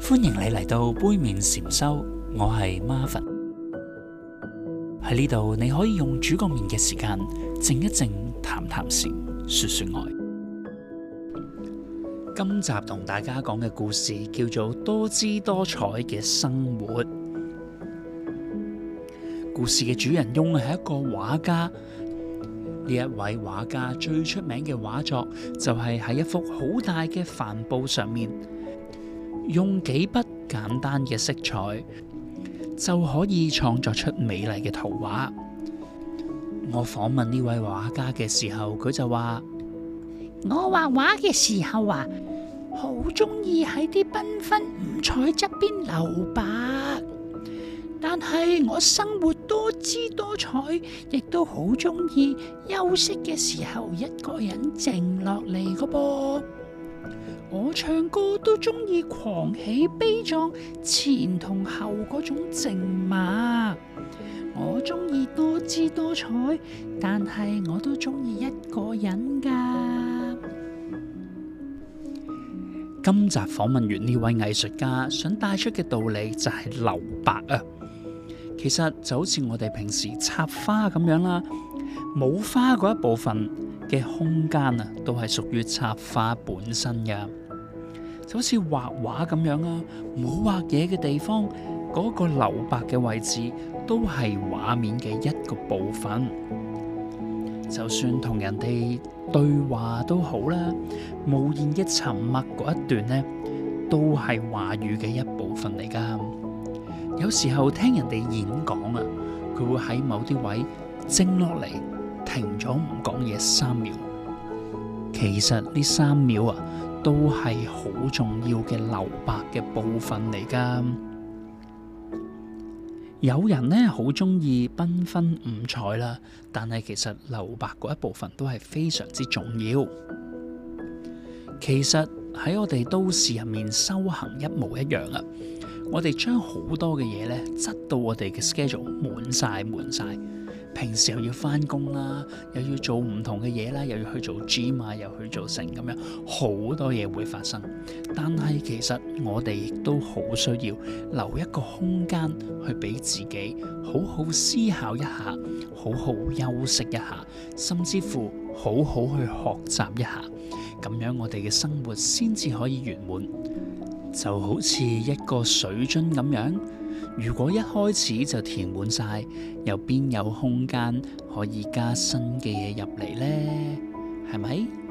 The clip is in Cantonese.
歡迎你嚟到杯麵禪修，我係 Marvin，喺呢度，你可以用煮個麵嘅時間靜一靜，談談禪，說說愛。今集同大家講嘅故事叫做多姿多彩嘅生活。故事嘅主人翁係一個畫家，呢一位畫家最出名嘅畫作就係喺一幅好大嘅帆布上面。用幾筆簡單嘅色彩就可以創作出美麗嘅圖畫。我訪問呢位畫家嘅時候，佢就話：我畫畫嘅時候啊，好中意喺啲繽紛五彩側邊留白。但係我生活多姿多彩，亦都好中意休息嘅時候一個人靜落嚟個噃。我唱歌都中意狂喜悲壯前同後嗰種靜默，我中意多姿多彩，但係我都中意一個人噶。今集訪問完呢位藝術家，想帶出嘅道理就係留白啊！其實就好似我哋平時插花咁樣啦，冇花嗰一部分，嘅空間啊，都係屬於插花本身嘅，就好似畫畫咁樣啊，冇畫嘢嘅地方，嗰個留白嘅位置都係畫面嘅一個部分。就算同人哋對話都好啦，無言嘅沉默嗰一段呢，都係話語嘅一部分嚟㗎。有時候聽人哋演講啊，佢會喺某啲位靜落嚟。停咗唔講嘢三秒，其實呢三秒啊，都係好重要嘅留白嘅部分嚟噶。有人呢好中意繽紛五彩啦，但係其實留白嗰一部分都係非常之重要。其實喺我哋都市入面修行一模一樣啊。我哋將好多嘅嘢呢，擠到我哋嘅 schedule 滿晒、滿晒。平時又要翻工啦，又要做唔同嘅嘢啦，又要去做 gym 啊，又去做成咁樣，好多嘢會發生。但係其實我哋亦都好需要留一個空間去俾自己好好思考一下，好好休息一下，甚至乎好好去學習一下。咁樣我哋嘅生活先至可以圓滿。就好似一個水樽咁樣，如果一開始就填滿晒，又邊有空間可以加新嘅嘢入嚟呢？係咪？